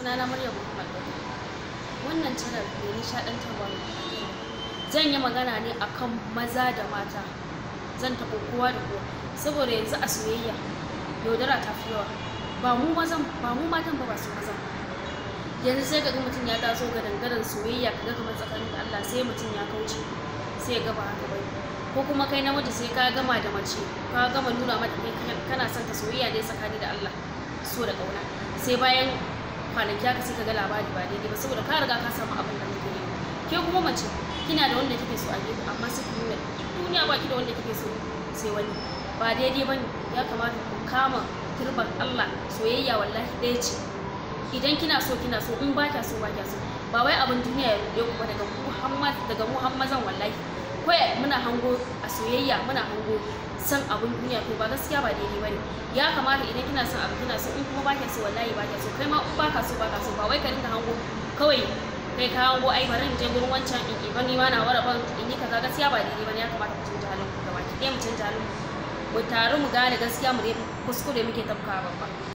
sunana Maryam Muhammad wannan channel mai nishaɗantarwa ne zan yi magana ne akan maza da mata zan taɓa kowa da kowa saboda yanzu a soyayya yaudara ta fi yawa ba mu mazan ba mu matan ba ba su mazan yanzu sai ka ga mutum ya taso ga dangaren soyayya ka ga kamar tsakanin da Allah sai mutum ya kauce sai ya gaba haka bai ko kuma kai namiji sai ka gama da mace ka gama nuna mata kai kana son ta soyayya dai tsakani da Allah so da kauna sai bayan kwanaki ka sai ka ga labari ba daidai ba saboda ka riga ka samu abin da kake nema ke kuma mace kina da wanda kike so a gefe amma sai ku nuna duniya ba ki da wanda kike so sai wani ba daidai bane ya kamata ku kama turban Allah soyayya wallahi ɗaya ce idan kina so kina so in ba kya so ba kya so ba wai abin duniya ya roƙe ku ba daga Muhammad daga Muhammadan wallahi kawai muna hango a soyayya muna hango san abun duniya to ba gaskiya ba daidai bane ya kamata idan kina son abu kina so in kuma ba so wallahi ba so kai ma in ba ka so ba ka so ba wai ka dinga hango kawai kai ka hango ai bari in je gurin wancan in ba ni ma na wara ban in yi kaza gaskiya ba daidai bane ya kamata mu canja halin ku gaba ki mu canja halin mu taru mu gane gaskiya mu kuskure muke tafka babba